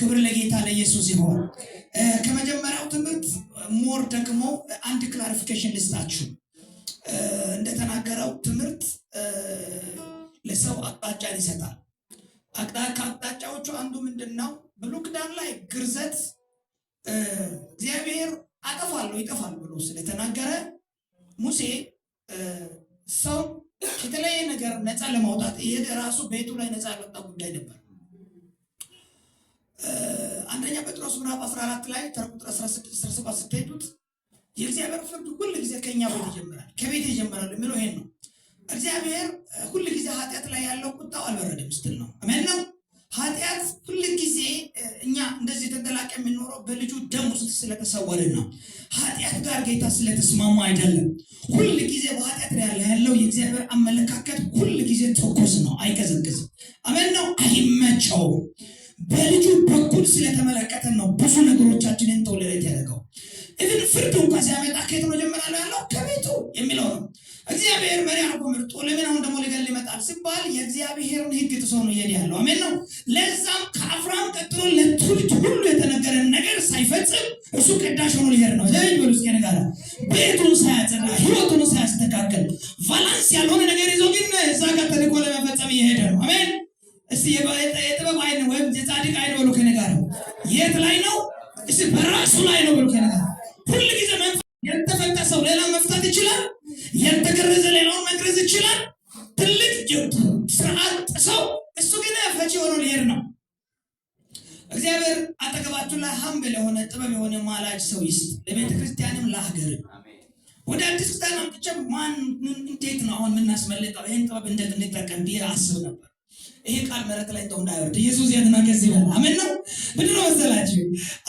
ክብር ለጌታ ለኢየሱስ ይሆን። ከመጀመሪያው ትምህርት ሞር ደግሞ አንድ ክላሪፊኬሽን ልስጣችሁ። እንደተናገረው ትምህርት ለሰው አቅጣጫን ይሰጣል። ከአቅጣጫዎቹ አንዱ ምንድን ነው? ብሉይ ኪዳን ላይ ግርዘት እግዚአብሔር አጠፋለሁ ይጠፋል ብሎ ስለተናገረ ሙሴ ሰው የተለያየ ነገር ነፃ ለማውጣት ይሄ ራሱ ቤቱ ላይ ነፃ ያወጣ ጉዳይ ነበር። አንደኛ ጴጥሮስ ምዕራፍ 14 ላይ ተር 16 ስትሄዱት የእግዚአብሔር ፍርድ ሁል ጊዜ ከእኛ ቤት ይጀምራል ከቤት ይጀምራል የሚለው ይሄን ነው። እግዚአብሔር ሁል ጊዜ ኃጢአት ላይ ያለው ቁጣው አልበረደም ስትል ነው። አሜን ነው። ኃጢአት ሁል ጊዜ እኛ እንደዚህ ተንጠላቀ የሚኖረው በልጁ ደም ውስጥ ስለተሰወርን ነው። ኃጢአት ጋር ጌታ ስለተስማማ አይደለም። ሁል ጊዜ በኃጢአት ላይ ያለው የእግዚአብሔር አመለካከት ሁል ጊዜ ትኩስ ነው፣ አይቀዘቅዝም። አሜን ነው። አይመቸውም በልጁ በኩል ስለተመለከተ ነው ብዙ ነገሮቻችንን ተወለደት ያደርገው ኢቭን ፍርድ እንኳ ሲያመጣ ከየት ነው ጀመራለ ያለው ከቤቱ የሚለው ነው። እግዚአብሔር መሪ አርጎ መርጦ ለምን አሁን ደግሞ ሊገል ይመጣል ሲባል የእግዚአብሔርን ሕግ ጥሶ ነው እየሄደ ያለው። አሜን ነው። ለዛም ከአፍራም ቀጥሎ ለትውልድ ሁሉ የተነገረን ነገር ሳይፈጽም እሱ ቀዳሽ ሆኖ ሊሄድ ነው። ዘኝ በሉ እስኪ ነገር ቤቱን ሳያጸዳ ህይወቱን ሳያስተካከል ቫላንስ ያልሆነ ነገር ይዞ ግን እዛ ጋር ተልእኮ ለመፈጸም እየሄደ ነው። አሜን እስቲ የጥበብ አይን ወይም የጻድቅ አይን ብሎ ከነጋር የት ላይ ነው? እስቲ በራሱ ላይ ነው ብሎ ከነጋር ሁል ጊዜ የተፈታ ሰው ሌላ መፍታት ይችላል። የተገረዘ ሌላውን መግረዝ ይችላል። ትልቅ ስርዓት ሰው እሱ ግን ፈቺ የሆነ ሊሄድ ነው። እግዚአብሔር አጠገባችሁ ላይ ሀምብ ለሆነ ጥበብ የሆነ ማላጅ ሰው ይስጥ፣ ለቤተ ክርስቲያንም ለሀገር ወደ አዲስ ኪዳን አምጥቼ ማን እንዴት ነው አሁን የምናስመልጠው? ይህን ጥበብ እንደት እንጠቀም ብዬ አስብ ነበር። ይሄ ቃል መሬት ላይ እንደው እንዳይወርድ ኢየሱስ ያድናል። ከዚህ በኋላ አሜን ነው ብድሮ መሰላችሁ።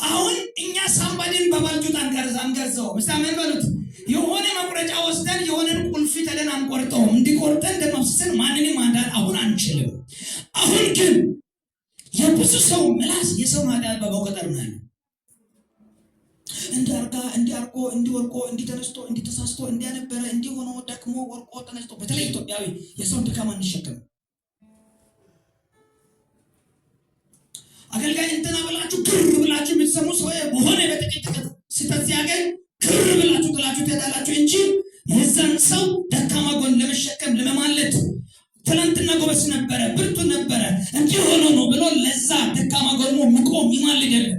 አሁን እኛ ሳምባዴን በባልጩት አንቀርዝ አንገርዘው ምስ አሜን በሉት። የሆነ መቁረጫ ወስደን የሆነን ቁልፊ ተለን አንቆርጠውም። እንዲቆርጠን እንደማፍሰን ማንንም ማንዳት አሁን አንችልም። አሁን ግን የብዙ ሰው ምላስ የሰው ማዳን በመቆጠር ነው ያለው እንዲያርጋ እንዲያርጎ እንዲወርቆ እንዲተነስቶ እንዲተሳስቶ እንዲያነበረ እንዲሆነው ደክሞ ወርቆ ተነስቶ በተለይ ኢትዮጵያዊ የሰውን ድካማ እንሸከም አገልጋይ እንትና ብላችሁ ክር ብላችሁ የምትሰሙ ሰው በሆነ በጥቂት ስህተት ሲያገኝ ክር ብላችሁ ጥላችሁ ትሄዳላችሁ እንጂ የዛን ሰው ደካማ ጎን ለመሸከም ለመማለት ትላንትና ጎበስ ነበረ፣ ብርቱ ነበረ፣ እንዲህ ሆኖ ነው ብሎ ለዛ ደካማ ጎኑ ምቆም ይማልድ የለም።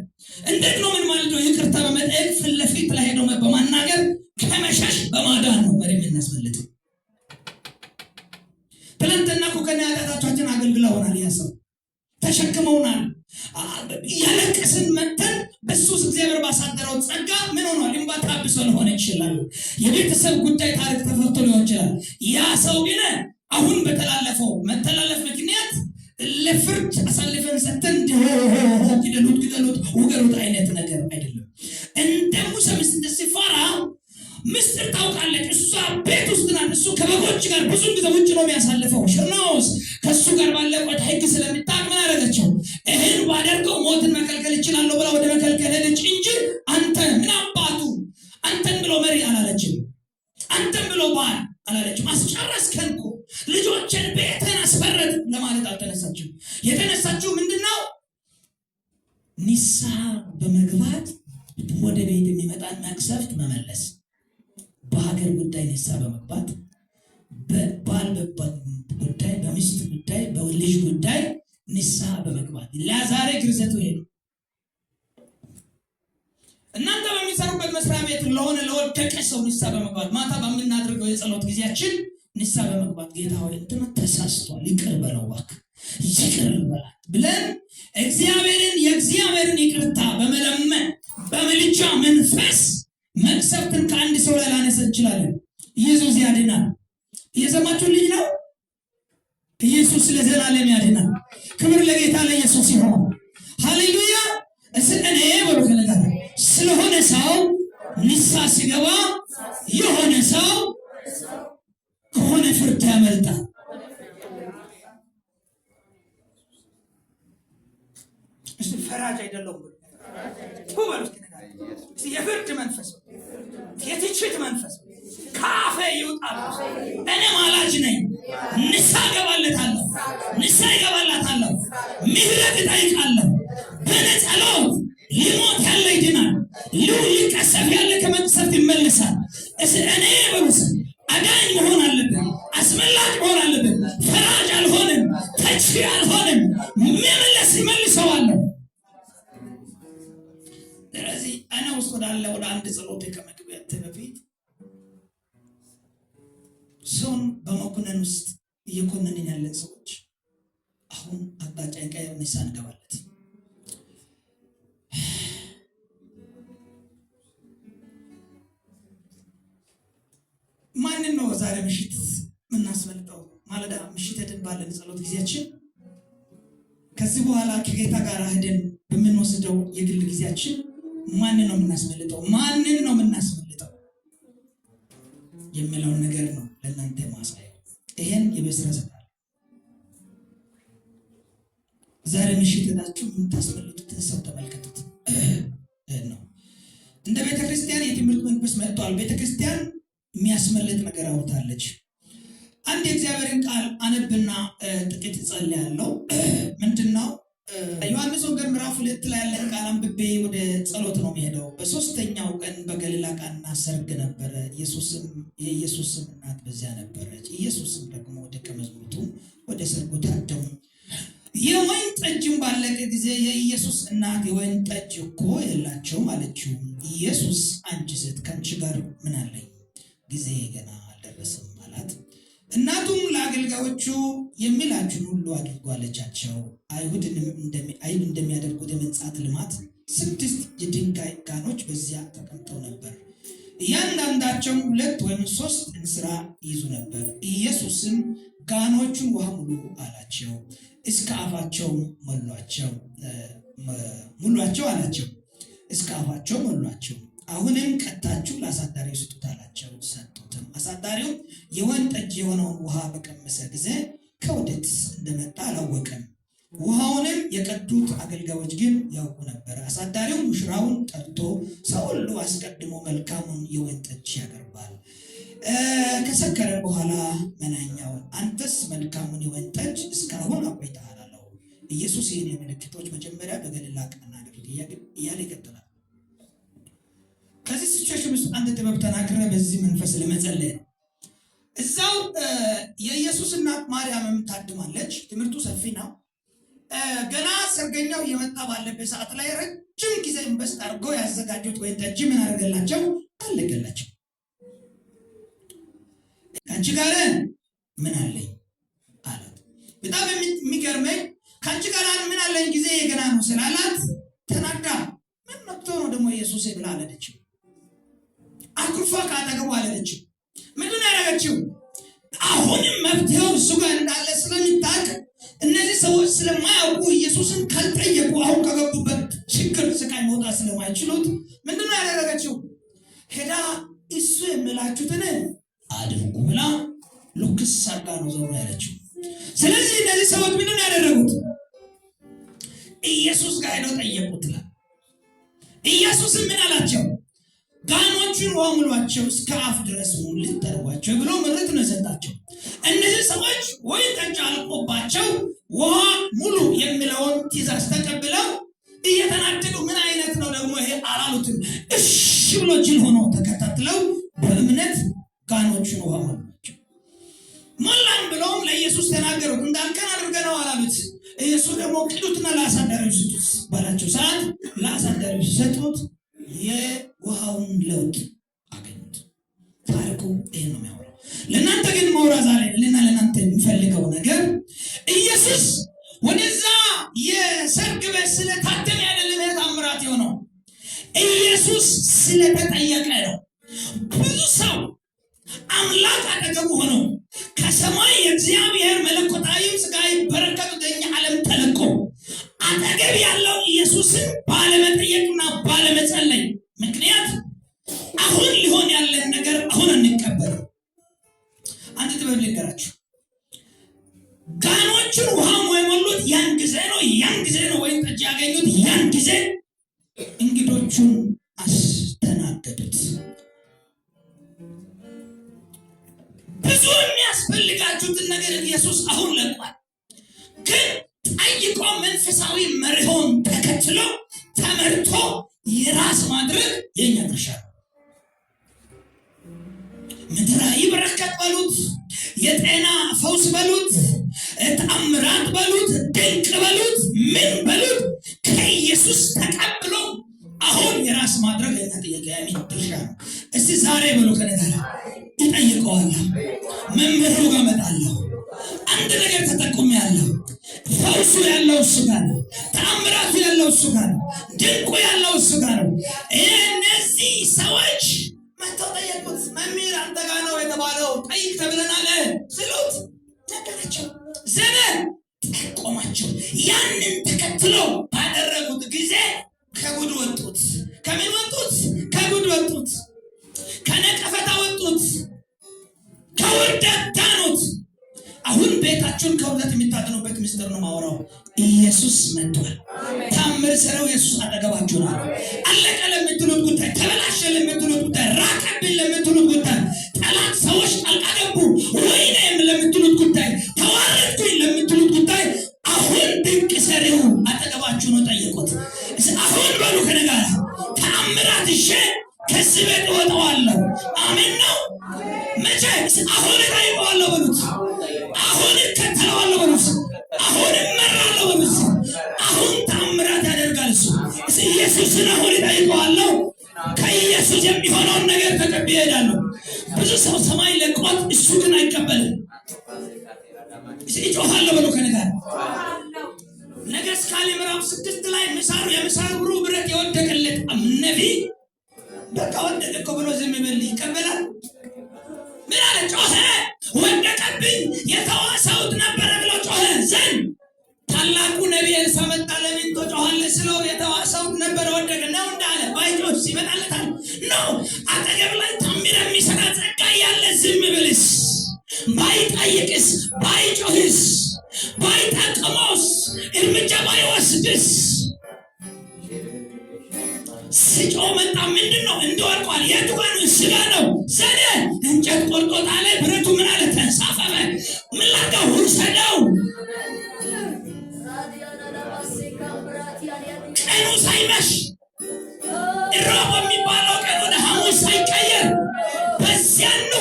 እንዴት ነው ምን ማለት ነው? ይቅርታ በመጠየቅ ፊት ለፊት ላይ ሄዶ በማናገር ከመሸሽ በማዳን ነው መሪ የምናስፈልጠው። ትላንትና እኮ ያጣታቸኋችን ኃጢአታችን አገልግለውናል፣ ያ ሰው ተሸክመውናል። ያለቀስን መተን በሱስ እግዚአብሔር ባሳደረው ጸጋ ምን ሆኗል? እንባ ታብሶ ሊሆን ይችላል። የቤተሰብ ጉዳይ ታሪክ ተፈቶ ሊሆን ይችላል። ያ ሰው ግን አሁን በተላለፈው መተላለፍ ምክንያት ለፍርድ አሳልፈን ሰተን ግደሉት፣ ግደሉት፣ ውገሩት አይነት ነገር አይደለም እንደ ሙሴ ምስል ሲፈራ ምስጢር ታውቃለች። እሷ ቤት ውስጥ ናት። እሱ ከበጎች ጋር ብዙ ጊዜ ውጭ ነው የሚያሳልፈው። ሽርናውስ ከእሱ ጋር ባለቆት ህግ ስለሚጣቅ ምን አደረገችው? እህን ባደርገው ሞትን መከልከል ይችላለሁ ብላ ወደ መከልከል ሄደች እንጂ አንተ ምን አባቱ አንተን ብሎ መሪ አላለችም። አንተን ብሎ ባል አላለችም። አስጨረስከን እኮ ልጆችን ቤትን አስፈረድ ለማለት አልተነሳችም። የተነሳችው ምንድን ነው? ንስሐ በመግባት ወደ ቤት የሚመጣን መቅሰፍት መመለስ በሀገር ጉዳይ ነሳ በመግባት በባል ጉዳይ፣ በሚስት ጉዳይ፣ በልጅ ጉዳይ ንሳ በመግባት ለዛሬ ግርዘቱ ይሄ ነው። እናንተ በሚሰሩበት መስሪያ ቤት ለሆነ ለወደቀ ሰው ንሳ በመግባት ማታ በምናደርገው የጸሎት ጊዜያችን ንሳ በመግባት ጌታ ሆይ እንትን ተሳስቷል፣ ይቅር በለው እባክህ ይቅር በላት ብለን እግዚአብሔርን የእግዚአብሔርን ይቅርታ በመለመን በምልጃ መንፈስ መቅሰፍትን ከአንድ ሰው ላይ ላነሰ እንችላለን። ኢየሱስ ያድናል። እየሰማችሁ ልጅ ነው። ኢየሱስ ለዘላለም ያድናል። ክብር ለጌታ ለኢየሱስ ይሆን። ሀሌሉያ። እስእኔ በበከለታ ስለሆነ ሰው ንሳ ሲገባ የሆነ ሰው ከሆነ ፍርድ ያመልጣል። ፈራጅ አይደለሁም። የፍርድ መንፈስ የትችት መንፈስ ካፈ ይውጣ። እኔ ማላጅ ነኝ። ንሳ ገባለታለሁ፣ ንሳ ይገባላታለሁ፣ ምህረት እጠይቃለሁ። በእኔ ሊሞት ያለ ይድናል፣ ሊቀሰፍ ያለ ከመቅሰፍት እስ እኔ በውስጥ አዳኝ መሆን አለብን፣ አስመላጭ መሆን አለብን። ፈራጅ አልሆንም፣ ተቺ አልሆንም። መመለስ ይመልሰዋለሁ። ስለዚህ እኔ ውስጥ ወዳለ ወደ አንድ ጸሎት ሰውን በመኮነን ውስጥ እየኮነንን ያለን ሰዎች አሁን አቅጣጫ ቀየር ንሳን ትናገራለች። አንድ የእግዚአብሔርን ቃል አነብና ጥቂት ጸልያለሁ። ምንድን ነው ዮሐንስ ወንጌል ምዕራፍ ሁለት ላይ ያለን ቃል አንብቤ ወደ ጸሎት ነው የሚሄደው። በሶስተኛው ቀን በገሊላ ቃና ሰርግ ነበረ። የኢየሱስም እናት በዚያ ነበረች። ኢየሱስም ደግሞ ደቀ መዛሙርቱ ወደ ሰርጉ ታደሙ። የወይን ጠጅም ባለቀ ጊዜ የኢየሱስ እናት የወይን ጠጅ እኮ የላቸውም አለችው። ኢየሱስ አንቺ ሴት ከአንቺ ጋር ምን አለኝ? ጊዜ ገና አልደረስም አላት። እናቱም ለአገልጋዮቹ የሚላችሁን ሁሉ አድርጉ አለቻቸው። አይሁድ እንደሚያደርጉት የመንጻት ልማት ስድስት የድንጋይ ጋኖች በዚያ ተቀምጠው ነበር። እያንዳንዳቸውም ሁለት ወይም ሶስት እንስራ ይዙ ነበር። ኢየሱስም ጋኖቹን ውሃ ሙሉ አላቸው። እስከ አፋቸው ሞሏቸው ሙሏቸው አላቸው። እስከ አፋቸው ሞሏቸው አሁንም ቀታችሁ ለአሳዳሪው ስጡታላቸው ሰጡትም። አሳዳሪው የወይን ጠጅ የሆነውን ውሃ በቀመሰ ጊዜ ከውደት እንደመጣ አላወቀም። ውሃውንም የቀዱት አገልጋዮች ግን ያውቁ ነበር። አሳዳሪው ሙሽራውን ጠርቶ ሰው ሁሉ አስቀድሞ መልካሙን የወይን ጠጅ ያቀርባል፣ ከሰከረ በኋላ መናኛውን አንተስ መልካሙን የወይን ጠጅ እስካሁን አቆይተሃል አለው። ኢየሱስ ይህን የምልክቶች መጀመሪያ በገሊላ ቃና አድርግ እያለ ይቀጥላል። ከዚህ ሲቹዌሽን ውስጥ አንድ ጥበብ ተናግረ በዚህ መንፈስ ለመጸለይ ነው። እዛው የኢየሱስ እናት ማርያምም ታድማለች። ትምህርቱ ሰፊ ነው። ገና ሰርገኛው እየመጣ ባለበት ሰዓት ላይ ረጅም ጊዜ እንበስ አድርገው ያዘጋጁት ወይ ጠጅ ምን አደረገላቸው? አለቀላቸው። ከአንቺ ጋር ምን አለኝ አላት። በጣም የሚገርመኝ ከአንቺ ጋር ምን አለኝ ጊዜ የገና ነው ስላላት ተናዳ ምን መጥቶ ነው ደግሞ ኢየሱስ ብላ አለችው። አኩርፋ ካጠገቡ አለለችው። ምንድን ያደረገችው? አሁንም መፍትሄው እሱ ጋር እንዳለ ስለሚታቅ እነዚህ ሰዎች ስለማያውቁ ኢየሱስን ካልጠየቁ አሁን ከገቡበት ችግር፣ ስቃይ መውጣት ስለማይችሉት ምንድን ያደረገችው? ሄዳ እሱ የምላችሁትን አድርጉ ብላ ሉክስ ሳጋ ነው ዞሮ ያለችው። ስለዚህ እነዚህ ሰዎች ምንድን ያደረጉት? ኢየሱስ ጋር ሄደው ጠየቁት። ኢየሱስም ምን አላቸው? ጋኖቹን ውሃ እስከ አፍ ድረስ ሙልት ጠርጓቸው ብሎ ምርት ነው የሰጣቸው። እነዚህ ሰዎች ወይ ጠጅ አልቆባቸው ውሃ ሙሉ የሚለውን ትእዛዝ ተቀብለው እየተናደዱ ምን አይነት ነው ደግሞ ይሄ አላሉትም። እሺ ብሎ ጅል ሆኖ ተከታትለው በእምነት ጋኖቹን ውሃ ሞላቸው። ሞላን ብለውም ለኢየሱስ ተናገሩት። እንዳልከን አድርገነው አላሉት። ኢየሱስ ደግሞ ቅዱትና ለአሳዳሪዎች ስጡት ባላቸው ሰዓት ለአሳዳሪዎች ሰጡት። የውሃውን ለውጥ አገኙት። ታሪኩ ይህ ነው የሚያወራው። ለእናንተ ግን መውራ ዛሬ ልና ለእናንተ የሚፈልገው ነገር ኢየሱስ ወደዛ የሰርግ ቤት ስለታደለ አይደለም ታምራት የሆነው ኢየሱስ ስለተጠየቀ ነው። ብዙ ሰው አምላክ አጠገቡ ሆኖ ከሰማይ የእግዚአብሔር መለኮታዊም ስጋ ይበረከቱ ደኛ ዓለም ተለቆ አጠገብ ያለው ኢየሱስን ባለመጠየቅና ባለመጸለይ ምክንያት አሁን ሊሆን ያለን ነገር አሁን እንቀበል። አንድ ጥበብ ልንገራችሁ። ጋኖችን ውሃ የሞሉት ያን ጊዜ ነው፣ ያን ጊዜ ነው ወይም ጠጅ ያገኙት ያን ጊዜ እንግዶቹን አስተናገዱት። ብዙ የሚያስፈልጋችሁትን ነገር ኢየሱስ አሁን ለቋል ግን አጥብቆ መንፈሳዊ መርሆን ተከትሎ ተመርቶ የራስ ማድረግ የኛ ድርሻ ነው። ምድራዊ በረከት በሉት፣ የጤና ፈውስ በሉት፣ ተአምራት በሉት፣ ድንቅ በሉት፣ ምን በሉት ከኢየሱስ ተቀብሎ አሁን የራስ ማድረግ ተጠየቀያሚ ድርሻ ነው። እስቲ ዛሬ ብሎ ከነጋራ ይጠይቀዋለሁ መምህሩ ጋር መጣለሁ አንድ ነገር ተጠቁም ያለው ፈውሱ ያለው እሱ ጋር ነው። ተአምራቱ ያለው እሱ ጋር ነው። ድንቁ ያለው እሱ ጋር ነው። እነዚህ ሰዎች መጥተው ጠየቁት። መምህር አንተ ጋ ነው የተባለው ጠይቅ ተብለናል ስሉት ነገራቸው። ዘመን ጠቆማቸው። ያንን ተከትለው ባደረጉት ጊዜ ከጉድ ወጡት። ከምን ወጡት? ከጉድ ወጡት። ከነቀፈታ ወጡት። ከውርደት ዳኑት። አሁን ቤታችን ከሁለት የሚታደኑበት ምስጢር ነው ማወራው። ኢየሱስ መጥቷል። ታምር ስራው ኢየሱስ አጠገባችሁ ነው። አለቀ ለምትሉት ጉዳይ፣ ተበላሸ ለምትሉት ጉዳይ፣ ራቀብን ለምትሉት ጉዳይ፣ ጠላት ሰዎች አልቀገቡ ወይም ለምትሉት ጉዳይ፣ ተዋረድኩኝ ለምትሉት ጉዳይ አሁን ድንቅ ሰሪው አጠገባችሁ ነው። ጠየቁት። አሁን በሉ ከነጋ ተአምራት እሸ ከዚህ ቤት እወጣዋለሁ። አሜን ነው መቼ አሁን እጠይቀዋለሁ በሉት አሁን እከተለዋለሁ በሉት። አሁን እመራለሁ በሉት። አሁን ታምራት ያደርጋል እሱ። ኢየሱስን አሁን እጠይቀዋለሁ። ከኢየሱስ የሚሆነውን ነገር ተቀብዬ እሄዳለሁ። ብዙ ሰው ሰማይ ለቋት፣ እሱ ግን አይቀበልም። እጮኻለሁ በሉ ከነጋ ነገሥት ካልዕ ምዕራፍ ስድስት ላይ ምሳሩ የምሳሩ ብረት የወደቀለት ነቢይ በቃ ወደቀ እኮ ብሎ ዝም ብል ይቀበላል ምን አለ? ጮኸ፣ ወደቀብኝ። የተወ ሰውት ነበረ ብሎ ጮኸ። ዘን ታላቁ ነቢይ ኤልሳ መጣ። ለምን ጮኸለ ስለው የተወ ሰውት ነበረ ወደቀ ነው እንዳለ ባይጮህ ሲመጣለታል ነው አጠገብ ላይ ታምር የሚሰራ ጸጋ ያለ ዝም ብልስ፣ ባይጠይቅስ፣ ባይጮህስ፣ ባይጠቅመውስ፣ እርምጃ ባይወስድስ ስጮ መጣ። ምንድን ነው እንደወርቋል። የቱ ጋር ስጋ ነው ዘዴ እንጨት ቆርጦ ጣለ። ብረቱ ምን አለ? ተንሳፈፈ። ምን ላድርገው? ውሰደው። ቀኑ ሳይመሽ ሮብ የሚባለው ቀን ወደ ሐሙስ ሳይቀየር በዚያኑ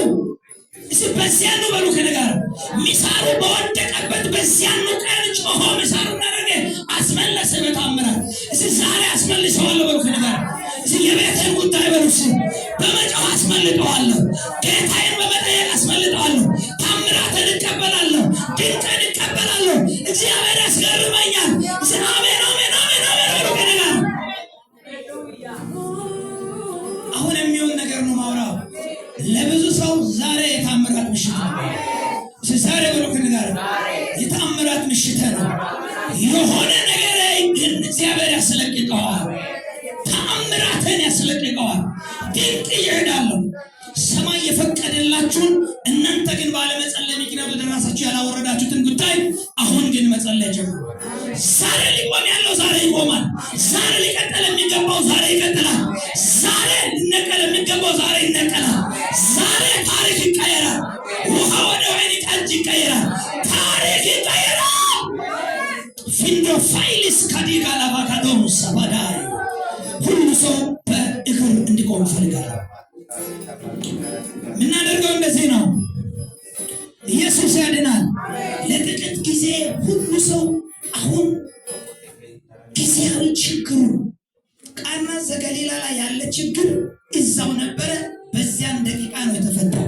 እስ በዚያኑ በሉ ከነጋር ሚሳሩ በወደቀበት በዚያኑ ቀን ጮሆ ሚሳሩ እናደረገ አስመለሰ በታምራት እስኪ ዛሬ አስመልሰዋለሁ በሉ ከነገር የቤትን ጉዳይ በሉ በመጫው አስመልጠዋለሁ። ጌታዬን በመጠየቅ አስመልጠዋለሁ። ታምራትን እቀበላለሁ። ድንቅን እቀበላለሁ። እግዚአብሔር ያስገርመኛል። አሜን አሜን አሜን አሜን በሉ ከነገር አሁን የሚሆን ነገር ነው ማውራው ለብዙ ሰው ዛሬ የታምራት ምሽት ዛሬ ብሎ ከነገር የታምራት ምሽት ነው የሆነ ነገር እግዚአብሔር ያስለቅቀዋል። ተአምራትን ያስለቅቀዋል። ድንቅ ይሄዳሉ። ሰማይ የፈቀደላችሁን እናንተ ግን ባለመጸለይ ምክንያት ለራሳችሁ ያላወረዳችሁትን ጉዳይ አሁን ግን መጸለይ ጀምሩ። ዛሬ ሊቆም ያለው ዛሬ ይቆማል። ዛሬ ሊቀጠል የሚገባው ዛሬ ይቀጥላል። ዛሬ ሊነቀል የሚገባው ዛሬ ይነቀላል። ዛሬ ታሪክ ይቀየራል። ውሃ ወደ ወይን ጠጅ ይቀየራል። ሊቶፋይልስ ከዲጋ ላባካዶም ሰባዳይ ሁሉ ሰው በእግር እንዲቆም ፈልጋል የምናደርገው እንደዚህ ነው። ኢየሱስ ያድናል። ለጥቂት ጊዜ ሁሉ ሰው አሁን ጊዜያዊ ችግሩ ቃና ዘገሊላ ላይ ያለ ችግር እዛው ነበረ። በዚያን ደቂቃ ነው የተፈታው።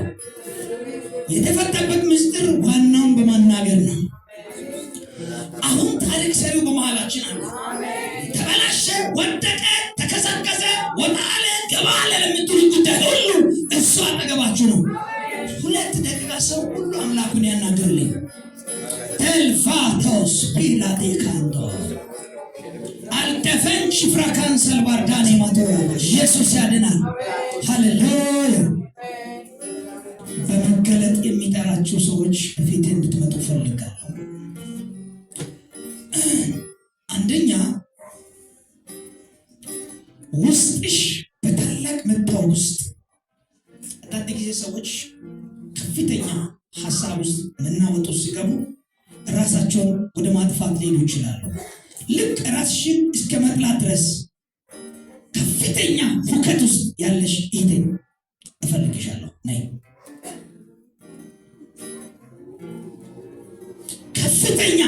የተፈታበት ምስጢር ዋናውን በማናገር ነው። ቢላቴካንቶ አልደፈን ሽፍራካን ባርዳኔ ማቶ ኢየሱስ ያድናል። ሃሌሉያ። በመገለጥ የሚጠራችሁ ሰዎች በፊት እንድትመጡ ፈልጋለሁ። አንደኛ ውስጥሽ በታላቅ መታወቅ ውስጥ አንዳንድ ጊዜ ሰዎች ከፍተኛ ሀሳብ ውስጥ መናወጡ ሲገቡ ራሳቸውን ወደ ማጥፋት ሊሄዱ ይችላሉ። ልክ ራስሽን እስከ መጥላት ድረስ ከፍተኛ ሁከት ውስጥ ያለሽ እህቴ እፈልግሻለሁ። ነይ ከፍተኛ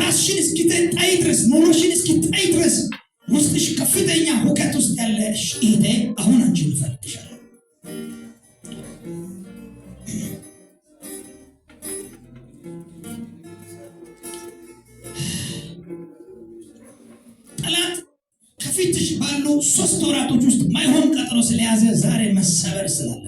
ራስሽን እስኪጠይ ድረስ ኖሮሽን እስኪጠይ ድረስ ውስጥሽ ከፍተኛ ሁከት ውስጥ ያለሽ እህቴ አሁን ሶስት ወራቶች ውስጥ ማይሆን ቀጠሮ ስለያዘ ዛሬ መሰበር ስላለ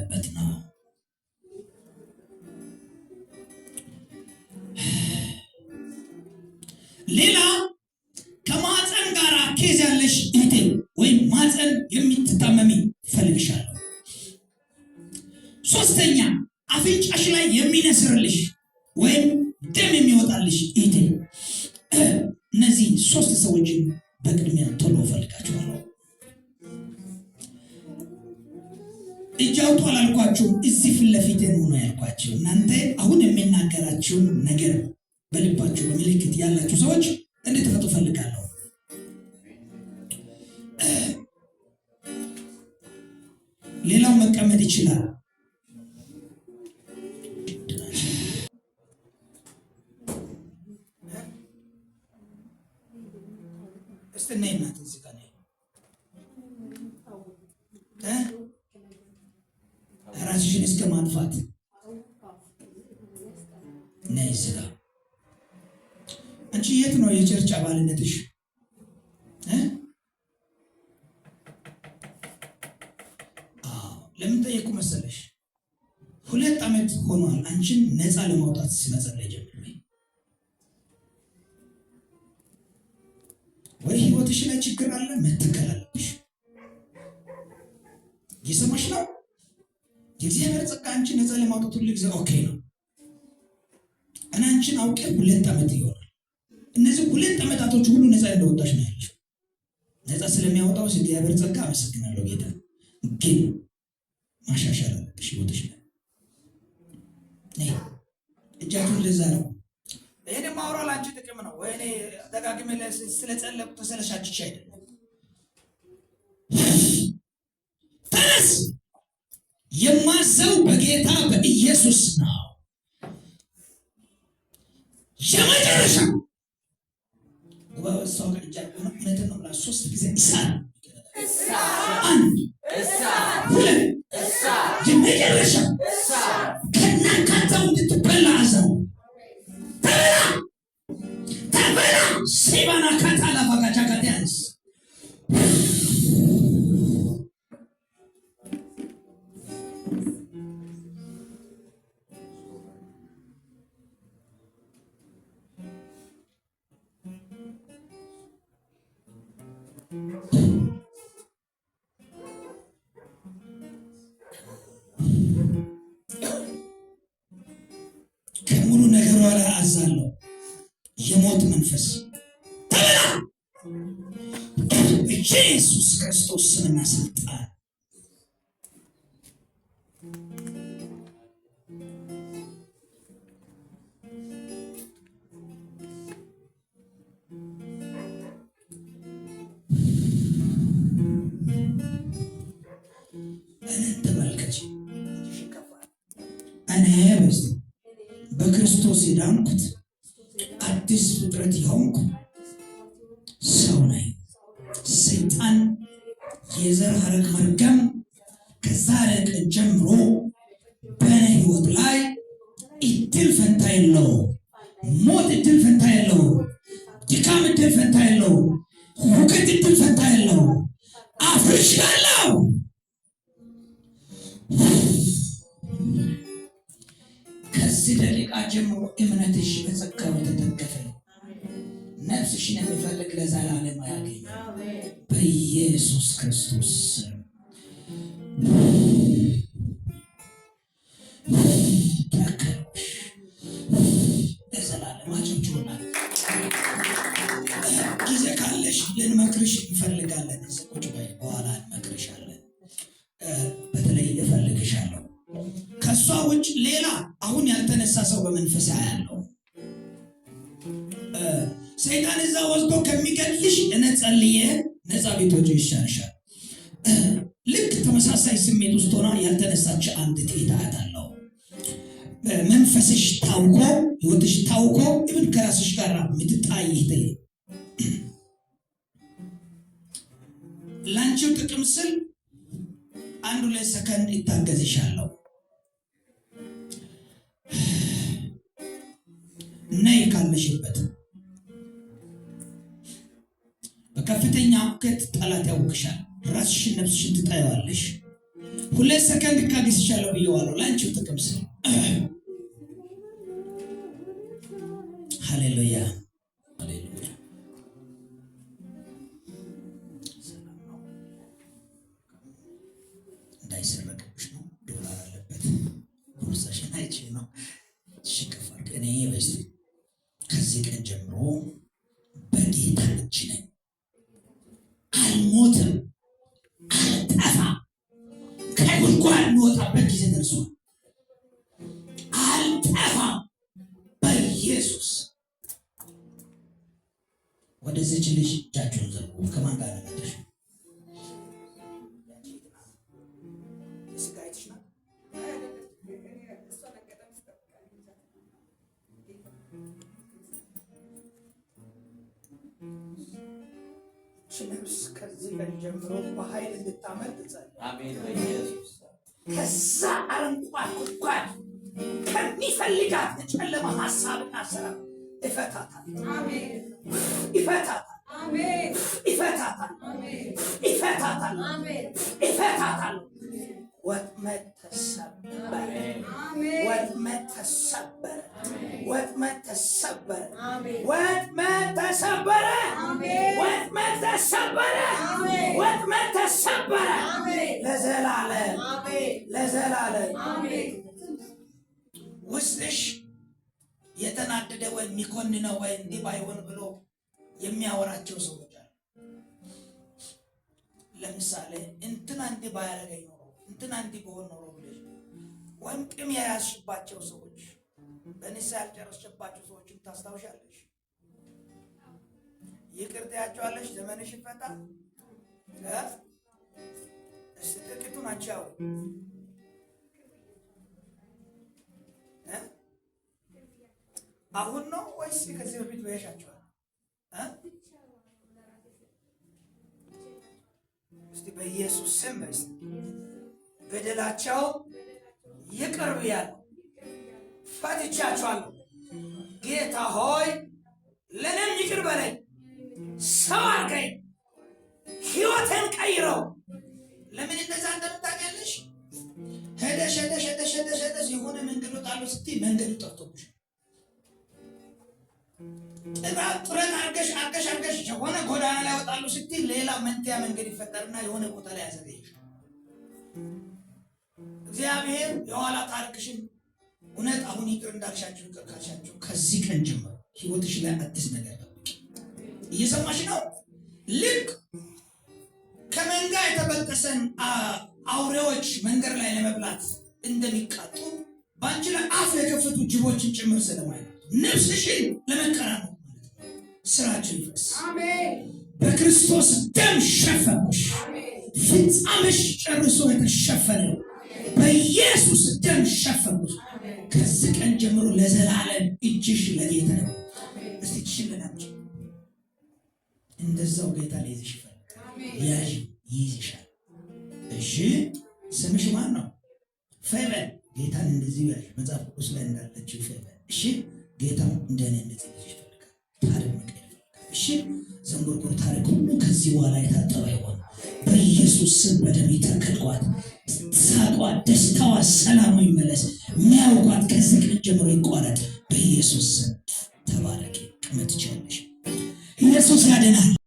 እጅ አውጡ አላልኳችሁ፣ እዚህ ፊት ለፊት ያልኳቸው። እናንተ አሁን የምናገራቸውን ነገር በልባችሁ በምልክት ያላችሁ ሰዎች እንድትፈቱ ፈልጋለሁ። መሰለሽ ሁለት ዓመት ሆኗል አንቺን ነፃ ለማውጣት ስመጸለይ ጀምሬ ወይ ህይወትሽ ላይ ችግር አለ መትከል አለብሽ ነው የእግዚአብሔር ጸጋ አንቺ ነፃ ለማውጣት ሁሉ ጊዜ ኦኬ ነው እና አንቺን አውቄ ሁለት ዓመት ይሆናል እነዚህ ሁለት ዓመታቶች ሁሉ ነፃ እንደወጣሽ ነው ያለሽ ነፃ ስለሚያወጣው እግዚአብሔር ጸጋ አመሰግናለሁ ጌታ ግን ማሻሻል አለብሽ ህይወትሽ ላይ። እጃችሁን እንደዛ ነው። ይሄ ደግሞ አውራ ጥቅም ነው። ወይኔ ደጋግሜ ስለጸለቁ ተሰለሻችች አይደለም ፈረስ የማዘው በጌታ በኢየሱስ ነው። የመጨረሻ ጉባኤ ሰው ጋር እጃ ሆነ እውነትን ነው ብላ ሶስት ጊዜ ይሳል ሁለት የመጨረሻ ከናካተው እንድትበላ አዘው ተበላ ተበላ ሴባና ካታላ ባጋጃ ጋቴያንስ እንድትበረር አዛለሁ። የሞት መንፈስ በኢየሱስ ክርስቶስ ስምና ስልጣን በክርስቶስ የዳንኩት አዲስ ፍጥረት የሆንኩ ሰው ነኝ። ሰይጣን የዘር ሐረግ መርገም ከዛሬ ቀን ጀምሮ በእኔ ህይወት ላይ እድል ፈንታ የለው። ሞት እድል ፈንታ የለው። ድካም እድል ፈንታ የለው። ውከት እድል ፈንታ የለው። አፍርሻለሁ። ጀምሮ እምነትሽ በጸጋው የተጠገፈ ነው። ነፍስሽን የሚፈልግ ለዘላለም አያገኝ በኢየሱስ ክርስቶስ ልንመክርሽ እንፈልጋለን። በኋላ እንመክርሻለን። ከእሷ ውጭ ሌላ አሁን ያልተነሳ ሰው በመንፈስ ያለው ሰይጣን እዛ ወስዶ ከሚገልሽ እነጸልየ ነፃ ቤቶች ይሻልሻል። ልክ ተመሳሳይ ስሜት ውስጥ ሆና ያልተነሳች አንድ ትሄዳት አለው። መንፈስሽ ታውቆ ህይወትሽ ታውቆ ኢብን ከራስሽ ጋር ምትጣይ ላንቺው ጥቅም ስል አንዱ ላይ ሰከንድ ይታገዝሻለሁ። ነይ ካለሽበት በከፍተኛ እውቀት ጠላት ያውቅሻል። ራስሽን ነፍስሽን ትጠያዋለሽ። ሁለት ሰከንድ ካግዝሻለሁ ብየዋለሁ። ለአንቺው ጥቅም ስለ ሃሌሉያ ይች ነፍስ ከዚህ ቀን ጀምሮ በኃይል እንድታመልጥ ጸልያለሁ። ከዛ አረንቋ ጉድጓድ ከሚፈልጋት ጨለማ ሀሳብና ስራ ይፈታታል፣ ይፈታታል፣ ይፈታታል፣ ይፈታታል፣ ይፈታታል ተሰበረ፣ ወጥመድ ተሰበረ። ለዘላለም ለዘላለም። ውስጥሽ የተናደደ ወይ የሚኮንነው ወይ እንዲህ ባይሆን ብሎ የሚያወራቸው ሰዎች አሉ። ለምሳሌ እንትና እንዲህ ባያደርገኝ ኖሮ እንትና እንዲህ በሆን ኖሮ ብለሽ ወይም ቅም የያዝሽባቸው ሰዎች በንስሐ ያልጨረስሽባቸው ሰዎችም ታስታውሻለሽ። ይቅርታ ያቸዋለሽ ዘመንሽ ይፈታ። ጥቂቱ ናቸው አሁን ነው ወይስ ከዚህ በፊት በያሻቸዋል? እስቲ በኢየሱስ ስም በስ በደላቸው ይቅር ብያለሁ፣ ፈትቻቸዋለሁ። ጌታ ሆይ ለእኔም ይቅር በለኝ ሰው አድርገኝ፣ ህይወትን ቀይረው። ለምን እንደዛ እንደምታቀልሽ ሄደሽ ሄደሽ ሄደሽ ሄደሽ ሄደሽ የሆነ መንገድ ወጣለሁ ስትይ መንገዱ ጠፍቶብሽ ጥራት ጥረት አርገሽ አርገሽ አርገሽ የሆነ ጎዳና ላይ ወጣለሁ ስትይ ሌላ መንትያ መንገድ ይፈጠርና የሆነ ቦታ ላይ ያዘገይሽ። እግዚአብሔር የኋላ ታሪክሽን እውነት አሁን ይቅር እንዳልሻችሁ ይቅር ካልሻችሁ ከዚህ ቀን ጀምሮ ህይወትሽ ላይ አዲስ ነገር እየሰማሽ ነው? ልክ ከመንጋ የተበጠሰን አውሬዎች መንገድ ላይ ለመብላት እንደሚቃጡ በአንቺ ላይ አፍ የከፈቱ ጅቦችን ጭምር ስለማይ ነፍስሽን ለመቀራመት ስራችን ይፍስ በክርስቶስ ደም ሸፈነሽ። ፍጻምሽ ጨርሶ የተሸፈነ በኢየሱስ ደም ሸፈነሽ። ከዚህ ቀን ጀምሮ ለዘላለም እጅሽ ለጌታ ነው። እንደዛው ጌታ ሊይዝሽ ይፈል ያዥ ይይዝሻል። እሺ ስምሽ ማን ነው? ፈበል ጌታን እንደዚህ ያዥ መጽሐፍ ቅዱስ ላይ እንዳለችው ፈበል። እሺ ጌታ እንደኔ እንደዚህ ይይዝሽ ይፈልጋል። ታሪክ ነው። ይፈልጋል። እሺ ዘንጎርጎር ታሪክ ሁሉ ከዚህ በኋላ የታጠበ ይሆን በኢየሱስ ስም በደም ይታከልቋል። ሳቋት፣ ደስታዋ፣ ሰላሙ ይመለስ። ሚያውቋት ከዚህ ቀን ጀምሮ ይቋረጥ በኢየሱስ ስም። ተባረቂ ቅመት ይችላለሽ y eso se ha de dar.